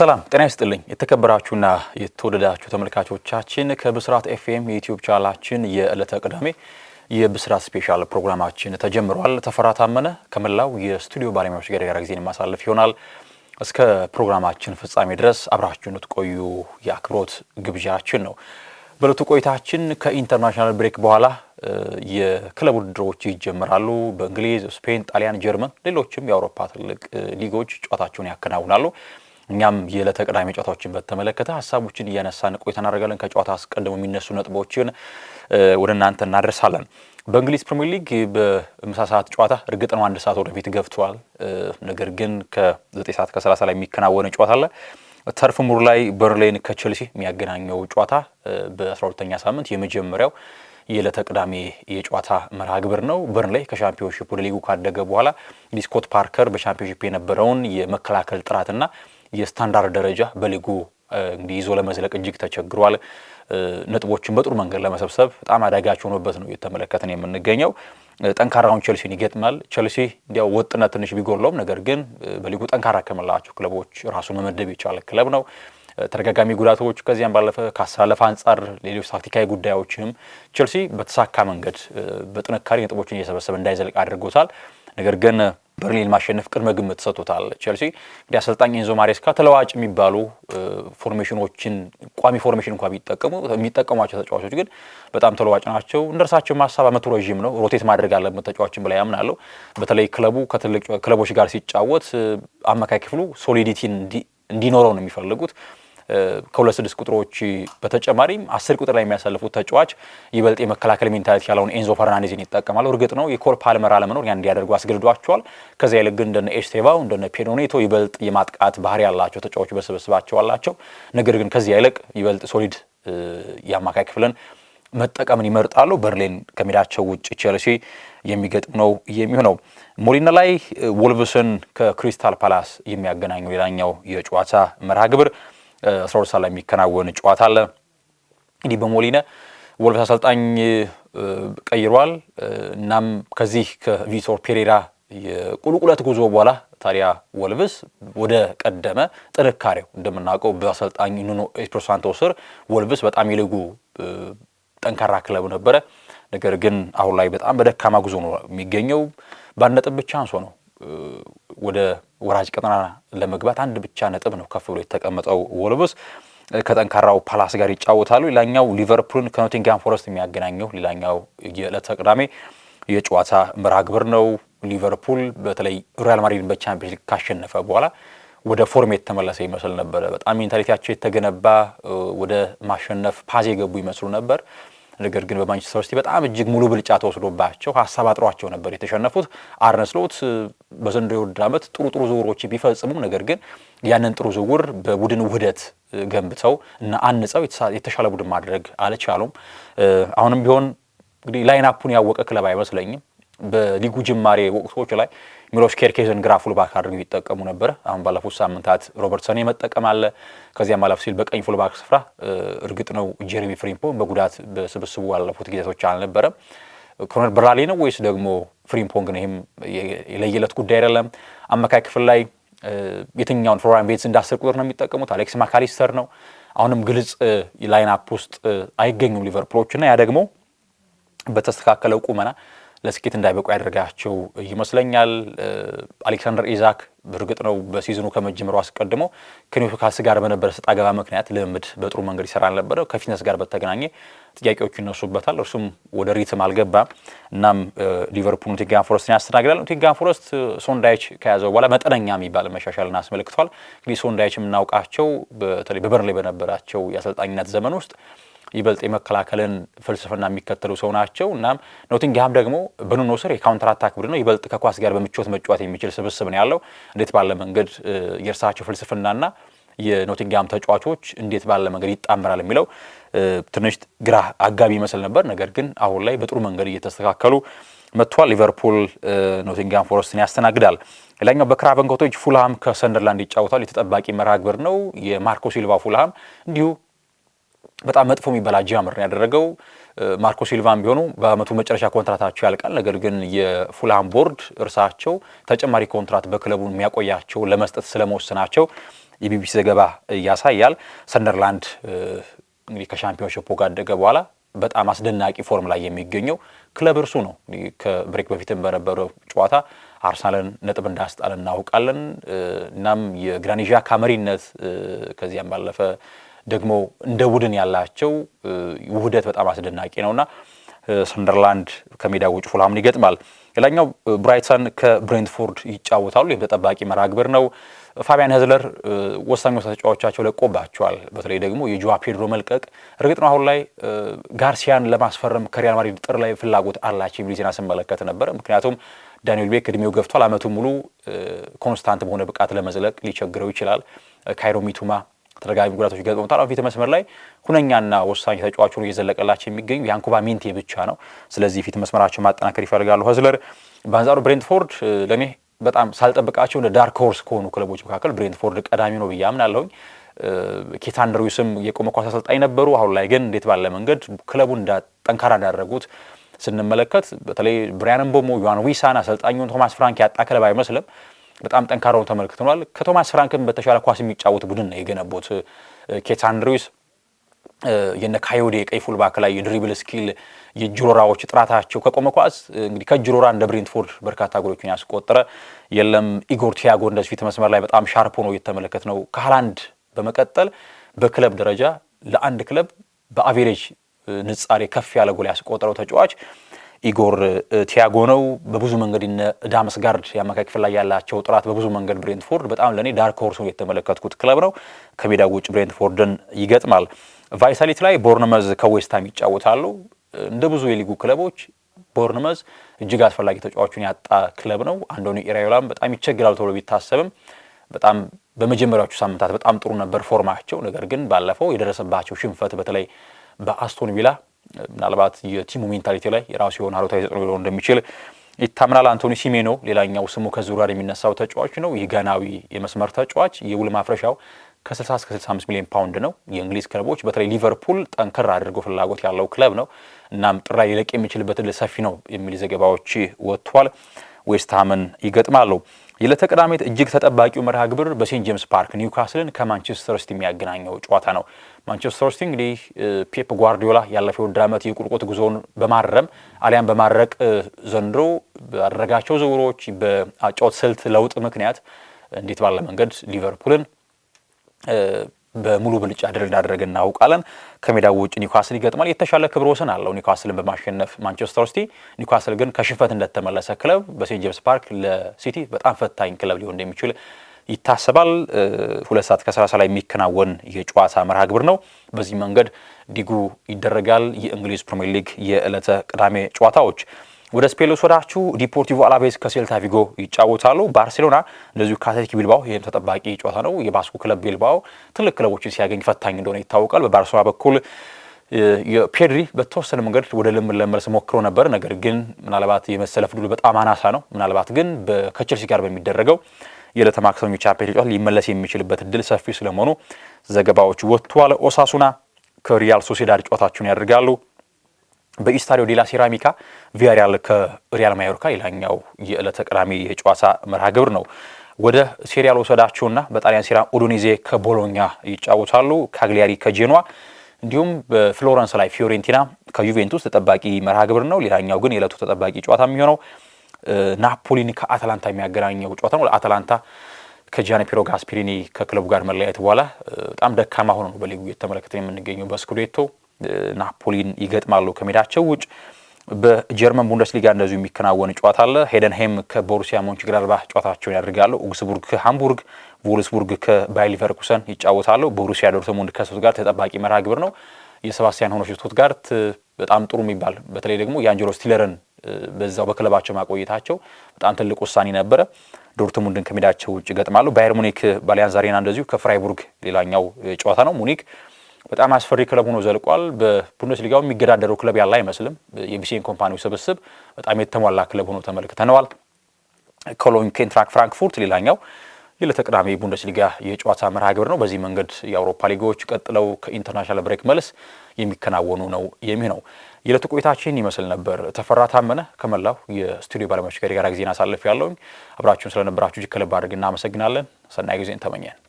ሰላም ጤና ይስጥልኝ። የተከበራችሁና የተወደዳችሁ ተመልካቾቻችን ከብስራት ኤፍኤም የዩትዩብ ቻናላችን የዕለተ ቅዳሜ የብስራት ስፔሻል ፕሮግራማችን ተጀምሯል። ተፈራ ታመነ ከመላው የስቱዲዮ ባለሙያዎች ጋር ጋር ጊዜን ማሳለፍ ይሆናል። እስከ ፕሮግራማችን ፍጻሜ ድረስ አብራችሁን ትቆዩ የአክብሮት ግብዣችን ነው። በዕለቱ ቆይታችን ከኢንተርናሽናል ብሬክ በኋላ የክለብ ውድድሮች ይጀምራሉ። በእንግሊዝ፣ ስፔን፣ ጣሊያን፣ ጀርመን ሌሎችም የአውሮፓ ትልቅ ሊጎች ጨዋታቸውን ያከናውናሉ። እኛም የዕለተ ቅዳሜ ጨዋታዎችን በተመለከተ ሀሳቦችን እያነሳን ቆይታ እናደርጋለን። ከጨዋታ አስቀድሞ የሚነሱ ነጥቦችን ወደ እናንተ እናደርሳለን። በእንግሊዝ ፕሪምየር ሊግ በምሳ ሰዓት ጨዋታ እርግጥ ነው አንድ ሰዓት ወደፊት ገብቷል። ነገር ግን ከ9 ሰዓት ከ30 ላይ የሚከናወነ ጨዋታ አለ። ተርፍ ሙር ላይ በርንሌይን ከቼልሲ የሚያገናኘው ጨዋታ በ12ኛ ሳምንት የመጀመሪያው የዕለተ ቅዳሜ የጨዋታ መርሃ ግብር ነው። በርንሌይ ከሻምፒዮንሺፕ ወደ ሊጉ ካደገ በኋላ ስኮት ፓርከር በሻምፒዮንሺፕ የነበረውን የመከላከል ጥራትና የስታንዳርድ ደረጃ በሊጉ እንግዲህ ይዞ ለመዝለቅ እጅግ ተቸግሯል። ነጥቦችን በጥሩ መንገድ ለመሰብሰብ በጣም አዳጋች ሆኖበት ነው እየተመለከትን የምንገኘው። ጠንካራውን ቸልሲን ይገጥማል። ቸልሲ እንዲያው ወጥነት ትንሽ ቢጎለውም ነገር ግን በሊጉ ጠንካራ ከመላቸው ክለቦች ራሱን መመደብ የቻለ ክለብ ነው። ተደጋጋሚ ጉዳቶች ከዚያም ባለፈ ካሳለፈ አንጻር ሌሎች ታክቲካዊ ጉዳዮችም ቸልሲ በተሳካ መንገድ በጥንካሬ ነጥቦችን እየሰበሰበ እንዳይዘልቅ አድርጎታል። ነገር ግን በርሊን ማሸነፍ ቅድመ ግምት ሰጥቶታል። ቼልሲ እንግዲህ አሰልጣኝ ኤንዞ ማሬስካ ተለዋጭ የሚባሉ ፎርሜሽኖችን ቋሚ ፎርሜሽን እንኳ ቢጠቀሙ የሚጠቀሟቸው ተጫዋቾች ግን በጣም ተለዋጭ ናቸው። እንደርሳቸው ሀሳብ አመቱ ረዥም ነው፣ ሮቴት ማድረግ አለበት ተጫዋችን ብላ ያምናለሁ። በተለይ ክለቡ ከትልቅ ክለቦች ጋር ሲጫወት አማካይ ክፍሉ ሶሊዲቲ እንዲኖረው ነው የሚፈልጉት። ከሁለት ስድስት ቁጥሮች በተጨማሪም አስር ቁጥር ላይ የሚያሳልፉት ተጫዋች ይበልጥ የመከላከል ሜንታሊቲ ያለውን ኤንዞ ፈርናንዴዝን ይጠቀማል። እርግጥ ነው የኮል ፓልመር አለመኖር ያን እንዲያደርጉ አስገድዷቸዋል። ከዚያ ይልቅ ግን እንደነ ኤስቴቫው እንደነ ፔዶኔቶ ይበልጥ የማጥቃት ባህሪ ያላቸው ተጫዋቾች በስብስባቸው አላቸው። ነገር ግን ከዚያ ይልቅ ይበልጥ ሶሊድ የአማካይ ክፍልን መጠቀምን ይመርጣሉ። በርሊን ከሜዳቸው ውጭ ቼልሲ የሚገጥም ነው የሚሆነው። ሞሊና ላይ ወልቭስን ከክሪስታል ፓላስ የሚያገናኘው ሌላኛው የጨዋታ መርሃ ግብር አስራ ሁለት ሰዓት ላይ የሚከናወን ጨዋታ አለ። እንግዲህ በሞሊነ ወልቭስ አሰልጣኝ ቀይሯል። እናም ከዚህ ከቪቶር ፔሬራ የቁልቁለት ጉዞ በኋላ ታዲያ ወልቭስ ወደ ቀደመ ጥንካሬው እንደምናውቀው በአሰልጣኝ ኑኖ ኤስፒሪቶ ሳንቶ ስር ወልቭስ በጣም የሊጉ ጠንካራ ክለብ ነበረ። ነገር ግን አሁን ላይ በጣም በደካማ ጉዞ ነው የሚገኘው። በአንድ ነጥብ ብቻ አንሶ ነው ወደ ወራጅ ቀጠና ለመግባት አንድ ብቻ ነጥብ ነው ከፍ ብሎ የተቀመጠው ወልቭስ ከጠንካራው ፓላስ ጋር ይጫወታሉ። ሌላኛው ሊቨርፑልን ከኖቲንግሃም ፎረስት የሚያገናኘው ሌላኛው የዕለተ ቅዳሜ የጨዋታ መርሃ ግብር ነው። ሊቨርፑል በተለይ ሪያል ማድሪድን በቻምፒየንስ ሊግ ካሸነፈ በኋላ ወደ ፎርም የተመለሰ ይመስል ነበረ። በጣም ሜንታሊቲያቸው የተገነባ ወደ ማሸነፍ ፓዝ የገቡ ይመስሉ ነበር። ነገር ግን በማንቸስተር ሲቲ በጣም እጅግ ሙሉ ብልጫ ተወስዶባቸው ሀሳብ አጥሯቸው ነበር የተሸነፉት። አርነ ስሎት በዘንድሮው የውድድር ዓመት ጥሩ ጥሩ ዝውውሮች ቢፈጽሙም ነገር ግን ያንን ጥሩ ዝውውር በቡድን ውህደት ገንብተው እና አንጸው የተሻለ ቡድን ማድረግ አልቻሉም። አሁንም ቢሆን እንግዲህ አፑን ያወቀ ክለብ አይመስለኝም። በሊጉ ጅማሬ ወቅቶች ላይ ሚሎሽ ኬርኬዝን ግራ ፉልባክ አድርገው ይጠቀሙ ነበር። አሁን ባለፉት ሳምንታት ሮበርትሰን መጠቀም አለ። ከዚያም አለፍ ሲል በቀኝ ፉልባክ ስፍራ እርግጥ ነው ጄሬሚ ፍሪምፖ በጉዳት በስብስቡ ያለፉት ጊዜቶች አልነበረም። ኮኖር ብራሌ ነው ወይስ ደግሞ ፍሪምፖንግ ነው? ይህም የለየለት ጉዳይ አይደለም። አማካይ ክፍል ላይ የትኛውን ፍሎሪያን ቤትስ እንዳስር ቁጥር ነው የሚጠቀሙት? አሌክስ ማካሊስተር ነው። አሁንም ግልጽ ላይን አፕ ውስጥ አይገኙም ሊቨርፑሎች እና ያ ደግሞ በተስተካከለው ቁመና ለስኬት እንዳይበቁ ያደርጋቸው ይመስለኛል። አሌክሳንደር ኢዛክ በእርግጥ ነው በሲዝኑ ከመጀመሩ አስቀድሞ ከኒውካስ ጋር በነበረ ሰጣ አገባ ምክንያት ልምምድ በጥሩ መንገድ ይሰራ አልነበረ። ከፊትነስ ጋር በተገናኘ ጥያቄዎቹ ይነሱበታል። እርሱም ወደ ሪትም አልገባም። እናም ሊቨርፑል ኖቲንግሃም ፎረስትን ያስተናግዳል። ኖቲንግሃም ፎረስት ሶንዳይች ከያዘው በኋላ መጠነኛ የሚባል መሻሻልን አስመልክቷል። እንግዲህ ሶንዳይች የምናውቃቸው በተለይ በበርንሌ በነበራቸው የአሰልጣኝነት ዘመን ውስጥ ይበልጥ የመከላከልን ፍልስፍና የሚከተሉ ሰው ናቸው። እናም ኖቲንግሃም ደግሞ በኑኖ ስር የካውንተር አታክ ቡድን ነው። ይበልጥ ከኳስ ጋር በምቾት መጫወት የሚችል ስብስብ ነው ያለው። እንዴት ባለ መንገድ የእርሳቸው ፍልስፍናና የኖቲንግሃም ተጫዋቾች እንዴት ባለ መንገድ ይጣመራል የሚለው ትንሽ ግራ አጋቢ ይመስል ነበር። ነገር ግን አሁን ላይ በጥሩ መንገድ እየተስተካከሉ መጥቷል። ሊቨርፑል ኖቲንግሃም ፎረስትን ያስተናግዳል። ሌላኛው በክራቨን ኮቴጅ ፉልሃም ከሰንደርላንድ ይጫወታል። የተጠባቂ መርሃግብር ነው። የማርኮ ሲልቫ ፉልሃም እንዲሁ በጣም መጥፎ የሚባል አጃምር ነው ያደረገው። ማርኮ ሲልቫም ቢሆኑ በአመቱ መጨረሻ ኮንትራታቸው ያልቃል። ነገር ግን የፉላም ቦርድ እርሳቸው ተጨማሪ ኮንትራት በክለቡ የሚያቆያቸው ለመስጠት ስለመወሰናቸው የቢቢሲ ዘገባ ያሳያል። ሰንደርላንድ እንግዲህ ከሻምፒዮንሽፖ ካደገ በኋላ በጣም አስደናቂ ፎርም ላይ የሚገኘው ክለብ እርሱ ነው። ከብሬክ በፊትም በነበረው ጨዋታ አርሰናልን ነጥብ እንዳስጣል እናውቃለን። እናም የግራኒዣ ካመሪነት ከዚያም ባለፈ ደግሞ እንደ ቡድን ያላቸው ውህደት በጣም አስደናቂ ነውና ሰንደርላንድ ከሜዳ ውጭ ፉልሃምን ይገጥማል። ሌላኛው ብራይተን ከብሬንትፎርድ ይጫወታሉ። ይህም ተጠባቂ መራግብር ነው። ፋቢያን ሄዝለር ወሳኝ ወሳኝ ተጫዋቻቸው ለቆባቸዋል። በተለይ ደግሞ የጁዋ ፔድሮ መልቀቅ እርግጥ ነው አሁን ላይ ጋርሲያን ለማስፈረም ከሪያል ማድሪድ ጥር ላይ ፍላጎት አላቸው የሚል ዜና ስመለከት ነበረ። ምክንያቱም ዳንኤል ቤክ እድሜው ገፍቷል። አመቱ ሙሉ ኮንስታንት በሆነ ብቃት ለመዝለቅ ሊቸግረው ይችላል። ካይሮ ሚቱማ ተደጋጋሚ ጉዳቶች ገጥመውታል። ፊት መስመር ላይ ሁነኛና ወሳኝ ተጫዋች ሆኖ እየዘለቀላቸው የሚገኙ የአንኩባ ሚንቴ ብቻ ነው። ስለዚህ ፊት መስመራቸው ማጠናከር ይፈልጋሉ ሆዝለር። በአንጻሩ ብሬንትፎርድ ለእኔ በጣም ሳልጠብቃቸው እንደ ዳርክ ሆርስ ከሆኑ ክለቦች መካከል ብሬንትፎርድ ቀዳሚ ነው ብዬ አምናለሁኝ። ኬት አንድሪውስም የቆመ ኳስ አሰልጣኝ ነበሩ። አሁን ላይ ግን እንዴት ባለ መንገድ ክለቡን ጠንካራ እንዳደረጉት ስንመለከት በተለይ ብሪያን ምቦሞ፣ ዮሃን ዊሳን አሰልጣኙን ቶማስ ፍራንክ ያጣ ክለብ አይመስልም። በጣም ጠንካራው ነው ተመልክተናል። ከቶማስ ፍራንክን በተሻለ ኳስ የሚጫወት ቡድን ነው የገነቡት። ኬት አንድሪውስ የነ ካዮዴ ቀይ ፉልባክ ላይ የድሪብል ስኪል የጅሮራዎች ጥራታቸው ከቆመ ኳስ እንግዲህ ከጅሮራ እንደ ብሬንትፎርድ በርካታ ጎሎችን ያስቆጠረ የለም። ኢጎር ቲያጎ እንደዚህ ፊት መስመር ላይ በጣም ሻርፕ ሆኖ እየተመለከት ነው። ከሃላንድ በመቀጠል በክለብ ደረጃ ለአንድ ክለብ በአቬሬጅ ንጻሬ ከፍ ያለ ጎል ያስቆጠረው ተጫዋች ኢጎር ቲያጎ ነው። በብዙ መንገድ ዳምስ ጋርድ የአማካይ ክፍል ላይ ያላቸው ጥራት በብዙ መንገድ ብሬንትፎርድ በጣም ለእኔ ዳርክ ሆርስ የተመለከትኩት ክለብ ነው። ከሜዳ ውጭ ብሬንትፎርድን ይገጥማል። ቫይሳሊት ላይ ቦርንመዝ ከዌስትሃም ይጫወታሉ። እንደ ብዙ የሊጉ ክለቦች ቦርንመዝ እጅግ አስፈላጊ ተጫዋቹን ያጣ ክለብ ነው። አንዶኒ ኢራዮላም በጣም ይቸግራል ተብሎ ቢታሰብም በጣም በመጀመሪያዎቹ ሳምንታት በጣም ጥሩ ነበር ፎርማቸው። ነገር ግን ባለፈው የደረሰባቸው ሽንፈት በተለይ በአስቶን ቪላ ምናልባት የቲሙ ሜንታሊቲ ላይ የራሱ የሆነ አሉታዊ ተጽዕኖ ሊሆን እንደሚችል ይታምናል። አንቶኒ ሲሜኖ ሌላኛው ስሙ ከዚህ ጋር የሚነሳው ተጫዋች ነው። ይህ ጋናዊ የመስመር ተጫዋች የውል ማፍረሻው ከ60 እስከ 65 ሚሊዮን ፓውንድ ነው። የእንግሊዝ ክለቦች በተለይ ሊቨርፑል ጠንከር አድርገው ፍላጎት ያለው ክለብ ነው። እናም ጥራ ሊለቅ የሚችልበት ዕድል ሰፊ ነው የሚል ዘገባዎች ወጥቷል። ዌስትሃምን ይገጥማሉ። የዕለተ ቅዳሜ እጅግ ተጠባቂው መርሃ ግብር በሴንት ጄምስ ፓርክ ኒውካስልን ከማንቸስተር ሲቲ የሚያገናኘው ጨዋታ ነው። ማንቸስተር ሲቲ እንግዲህ ፔፕ ጓርዲዮላ ያለፈው ውድድር ዓመት የቁልቁት ጉዞውን በማረም አሊያም በማድረቅ ዘንድሮ ባደረጋቸው ዝውውሮች በአጨዋወት ስልት ለውጥ ምክንያት እንዴት ባለ መንገድ ሊቨርፑልን በሙሉ ብልጫ ድል እንዳደረገ እናውቃለን። ከሜዳው ውጭ ኒውካስል ይገጥማል። የተሻለ ክብረ ወሰን አለው ኒውካስልን በማሸነፍ ማንቸስተር ሲቲ። ኒውካስል ግን ከሽንፈት እንደተመለሰ ክለብ በሴንት ጄምስ ፓርክ ለሲቲ በጣም ፈታኝ ክለብ ሊሆን እንደሚችል ይታሰባል። ሁለት ሰዓት ከሰላሳ ላይ የሚከናወን የጨዋታ መርሃ ግብር ነው። በዚህ መንገድ ዲጉ ይደረጋል። የእንግሊዝ ፕሪምየር ሊግ የዕለተ ቅዳሜ ጨዋታዎች ወደ ስፔን ልውሰዳችሁ። ዲፖርቲቮ አላቬዝ ከሴልታ ቪጎ ይጫወታሉ። ባርሴሎና እንደዚሁ ከአትሌቲክ ቢልባው፣ ይህም ተጠባቂ ጨዋታ ነው። የባስኩ ክለብ ቢልባው ትልቅ ክለቦችን ሲያገኝ ፈታኝ እንደሆነ ይታወቃል። በባርሴሎና በኩል የፔድሪ በተወሰነ መንገድ ወደ ልምድ ለመመለስ ሞክሮ ነበር። ነገር ግን ምናልባት የመሰለፍ ዕድሉ በጣም አናሳ ነው። ምናልባት ግን ከቼልሲ ጋር በሚደረገው የዕለተ ማክሰኞ ሊመለስ የሚችልበት እድል ሰፊ ስለመሆኑ ዘገባዎች ወጥቷል። ኦሳሱና ከሪያል ሶሴዳድ ጨዋታቸውን ያደርጋሉ። በኢስታዲዮ ዴላ ሴራሚካ ቪያሪያል ከሪያል ማዮርካ ሌላኛው የዕለተ ቅዳሜ የጨዋታ መርሃ ግብር ነው። ወደ ሴሪያል ወሰዳችሁና በጣሊያን ሴራ ኡዱኒዜ ከቦሎኛ ይጫወታሉ። ካግሊያሪ ከጄኗ እንዲሁም በፍሎረንስ ላይ ፊዮሬንቲና ከዩቬንቱስ ተጠባቂ መርሃ ግብር ነው። ሌላኛው ግን የዕለቱ ተጠባቂ ጨዋታ የሚሆነው ናፖሊን ከአታላንታ የሚያገናኘው ጨዋታ ነው። አታላንታ ፒሮ ጋስፒሪኒ ከክለቡ ጋር መለያየት በኋላ በጣም ደካማ ሆኖ ነው በሊጉ የተመለከተን የምንገኘው። በስኩዴቶ ናፖሊን ይገጥማሉ ከሜዳቸው ውጭ። በጀርመን ቡንደስሊጋ እንደዚሁ የሚከናወን ጨዋታ አለ። ሄደንሄም ከቦሩሲያ ሞንችግላድባህ ጨዋታቸውን ያደርጋሉ። ኦግስቡርግ ከሃምቡርግ፣ ቮልስቡርግ ከባየር ሊቨርኩሰን ይጫወታሉ። ቦሩሲያ ዶርትሙንድ ከሶት ጋር ተጠባቂ መርሃ ግብር ነው። የሰባስቲያን ሆኖች ቶትጋርት በጣም ጥሩ የሚባል በተለይ ደግሞ የአንጀሎ ስቲለርን በዛው በክለባቸው ማቆየታቸው በጣም ትልቅ ውሳኔ ነበረ። ዶርትሙንድን ከሜዳቸው ውጭ ገጥማሉ። ባየር ሙኒክ ባሊያንዝ አሬና እንደዚሁ ከፍራይቡርግ ሌላኛው ጨዋታ ነው። ሙኒክ በጣም አስፈሪ ክለብ ሆኖ ዘልቋል። በቡንደስ ሊጋው የሚገዳደረው ክለብ ያለ አይመስልም። የቢሴን ኮምፓኒው ስብስብ በጣም የተሟላ ክለብ ሆኖ ተመልክተነዋል። ኮሎኝ ኬንትራክ ፍራንክፉርት ሌላኛው የዕለተ ቅዳሜ ቡንደስሊጋ የጨዋታ መርሃ ግብር ነው። በዚህ መንገድ የአውሮፓ ሊጎች ቀጥለው ከኢንተርናሽናል ብሬክ መልስ የሚከናወኑ ነው የሚሆነው። የዕለቱ ቆይታችን ይመስል ነበር። ተፈራ ታመነ ከመላው የስቱዲዮ ባለሙያዎች ጋር የጋራ ጊዜን አሳልፍ ያለውኝ አብራችሁን ስለነበራችሁ እጅግ ከልብ አድርገን እናመሰግናለን። ሰናይ ጊዜን ተመኘን።